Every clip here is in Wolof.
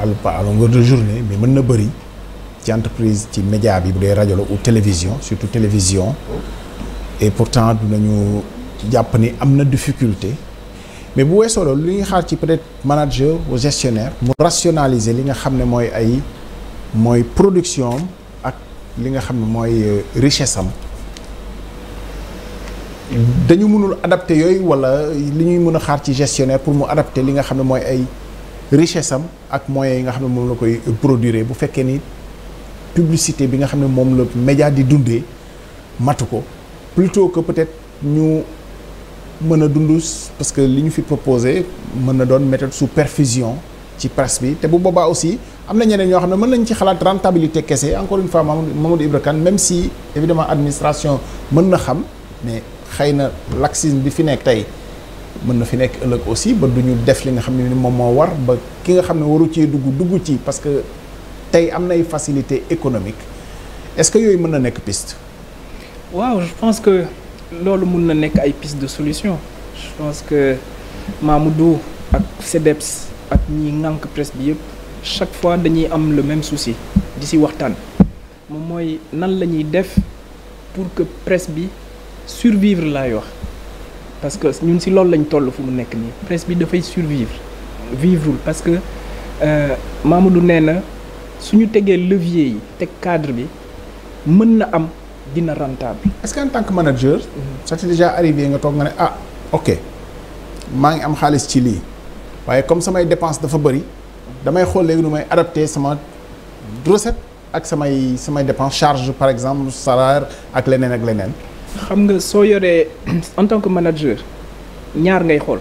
à longueur de journée mais mën na bëri ci entreprise ci média bi bu dee rajo la ou télévision surtout télévision et pourtant dinañu jàpp ni am na difficulté mais bu weesoo loolu li ñuy xaar ci peut-être manager ou gestionnaire mu rationaliser li nga xam ne mooy ay mooy production ak li nga xam ne mooy euh, richesse dañu mënul adapter yooyu wala li ñuy mën a xaar ci gestionnaire pour mu adapter li nga xam ne mooy ay richesse am ak moyens yi nga xam ne moom la koy produire bu fekkee ni publicité bi nga xam ne moom la média di dundee matu ko plutôt ko peut-être ñu mën a dundu parce que li ñu fi proposé mën na doon méthode su perfusion ci presse bi te bu boobaa aussi am na ñeneen ñoo xam ne mën nañ ci xalaat rentabilité kese encore une fois Mamadou ibre kan même si évidemment administration mën na xam mais xëy na laxisme bi fi nekk tey mën na fi nekk ëllëg aussi ba du ñu def li nga xam ne ni moom moo war ba ki nga xam ne waru cee dugg dugg ci parce que tey am nay facilité économique est-ce que yooyu mën na nekk piste. waaw je pense que loolu mën na nekk ay piste de solution je pense que du ak CDEPS ak ñi ŋànk presse bi yëpp chaque fois dañuy am le même souci di si waxtaan moom mooy nan la ñuy def pour que presse bi survivre laay wax. parce que ñun si loolu lañ toll fu mu nekk nii presse bi dafay survivre vivre parce que euh, Mamadou nee na su ñu tegee levier yi teg cadre bi mën na am dina rentable. est-ce que en tant que manager. Mhm. ça t'est déjà arrivé nga toog nga ne ah ok maa ngi am xaalis ci lii waaye comme samay dépense dafa bëri damay xool léegi nu may adapté sama recette ak samay samay dépense charge par exemple salaire ak leneen ak leneen. xam nga soo yoree en tant que manager ñaar ngay xool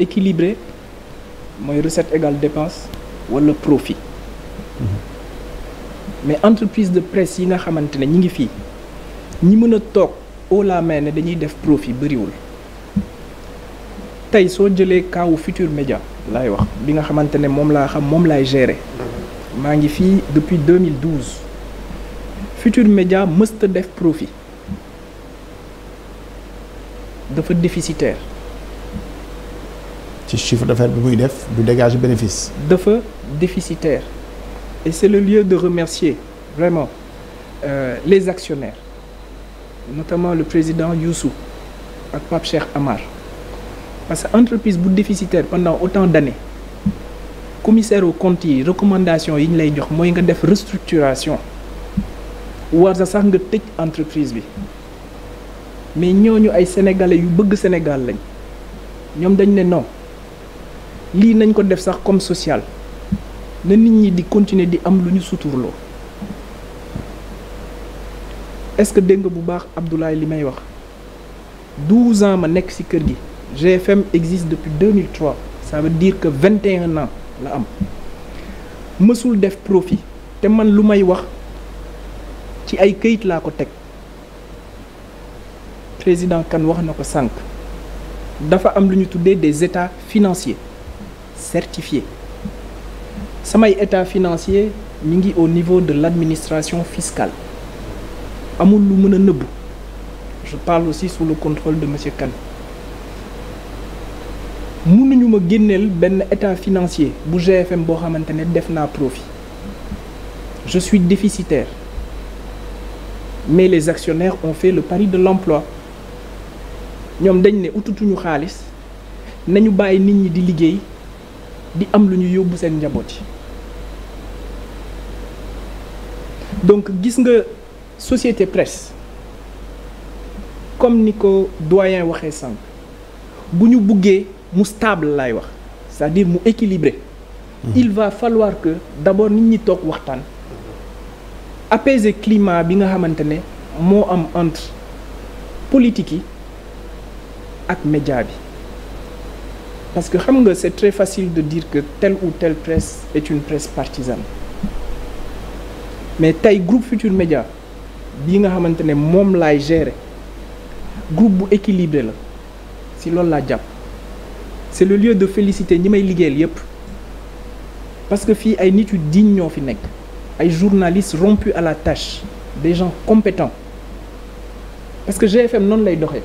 équilibré mooy recette égale dépense walla profit mm-hmm. mais entreprise de presse yi nga xamante ne ñi ngi fii ñi mën a toog au la main ne dañuy def profit bëriwul tey soo jëlee kaawu future Média laay wax bi nga xamante ne moom laa xam moom laay gérer mm-hmm. maa ngi fii depuis 2012 Futur Média mësta def profit dafa déficitaire. ci chiffre d'affaires bi muy def du dégager bénéfice. dafa déficitaire et c'est le lieu de remercier vraiment euh, les actionnaires notamment le président Youssou ak Pape Cheikh Amar parce que entreprise bu déficitaire pendant autant d'années commissaire aux comptes yi recommandations yi ñu lay jox mooy nga def restructuration. war sa sax nga tëj entreprise bi mais ñooñu ay sénégalais yu bëgg Sénégal lañ ñoom dañ ne non lii nañ ko def sax comme sociale na nit ñi di continuer di am lu ñu suturloo est-ce que dégg nga bu baax Abdoulaye li may wax 12 ans ma nekk ci kër gi GFM existe depuis 2003 ça veut dire que 21 ans la am mësul def profit te man lu may wax. ci ay këyit laa ko teg président kan wax na ko sànq dafa am lu ñu tuddee des états financiers certifiés samay état financier ñu ngi au niveau de l'administration fiscale amul lu mën a nëbbu je parle aussi sous le contrôle de monsieur kan mënuñu ma génneel benn état financier bu GFM boo xamante ne def naa profit je suis déficitaire mais les actionnaires on fait le pari de l'emploi ñoom dañ ne ututuñu xaalis nañu bàyyi nit ñi di liggéey di am lu ñu yóbbu seen njaboot yi donc gis nga société presse comme ni ko doyen waxee sànq bu ñu buggee mu stable laay wax c'est-à-dire mu équilibré mmh. il va falloir que d'abord nit ñi toog waxtaan apaiser climat bi nga xamante ne moo am entre politique yi ak média bi parce que xam nga c'est très facile de dire que tel ou telle presse est une presse partisane mais tey groupe Futur Média bi nga xamante ne moom laay gérer groupe bu équilibré la si loolu laa jàpp c'est le lieu de félicité ñi may liggéeyal yépp parce que fii ay nit yu digne ñoo fi nekk ay journalistes rompus à la tâche des gens compétents parce que GFM noonu lay doxee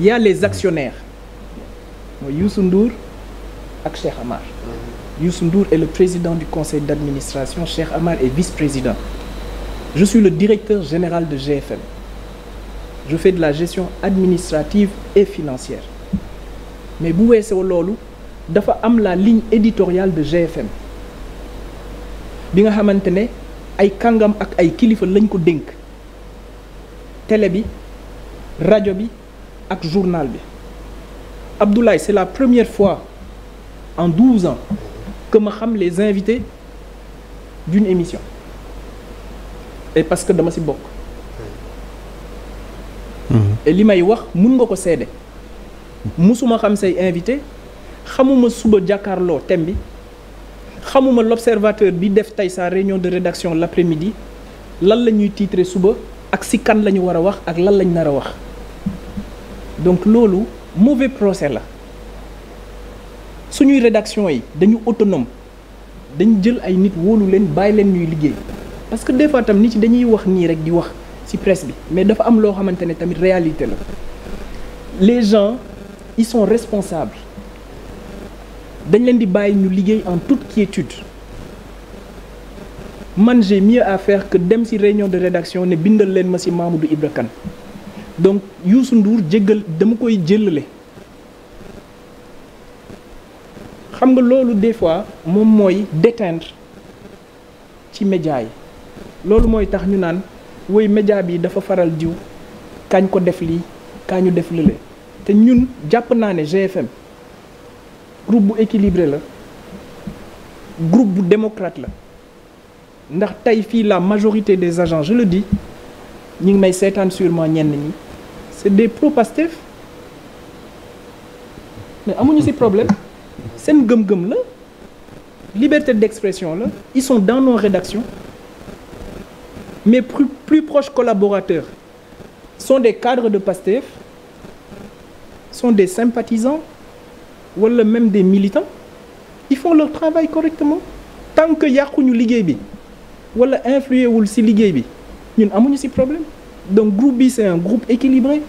y les actionnaires mooy Youssou Ndour ak Cheikh Amar Youssou Ndour est le président du conseil d'administration Cheikh Amar est vice-président je suis le directeur général de GFM je fais de la gestion administrative et financière mais bu weesoo loolu dafa am la ligne éditoriale de GFM bi nga xamante ne ay kàngam ak ay kilifa lañ ko dénk télé bi rajo bi ak journal bi Abdoulaye c'est la première fois en douze ans que a xam les invités d'une émission et parce que dama ci bokk mm-hmm. et li may wax mun nga ko seede mosuma xam say invité xamuma suba jàkkaarloo thème bi xamuma l'observateur bi def tey sa réunion de rédaction l'après-midi lan la ñuy titrer suba ak si kan la ñu war a wax ak lan lañ nar a wax donc loolu mauvais procès la suñuy rédaction yi dañu autonome dañ jël ay nit wóolu leen bàyyi leen ñuy liggéey parce que des fois tam nit yi dañuy wax nii rek di wax ci presse bi mais dafa am loo xamante ne tamit réalité la les gens ils sont responsables dañ leen di bàyyi ñu liggéey en toute quiétude man j'ai mieux à faire dem ci réunion de rédaction ne bindal leen ma ci Mamadou Ibra Kane donc Youssou nduur jéggal dama koy jëllale xam nga loolu des fois moom mooy déteindre ci média yi loolu mooy tax ñu naan woy média bi dafa faral diw kañ ko def lii kaañu def lële te ñun jàpp naa ne GFM group bu équilibré la groupe bu démocrate la ndax tey fii la majorité des agents je le dis ñu ngi may seetaan surement ñenn ñi c'est des pro-Pastef mais amuñu si problème seen gëm-gëm la liberté d'expression la ils sont dans nos rédactions mes plus, plus proches collaborateurs sont des cadres de Pastef sont des sympathisants wala même des militants ils faut leur travail correctement tant que yàquñu liggéey bi wala influer wul ci liggéey bi ñun amuñu ci problème donc groupe bi c'est un groupe équilibré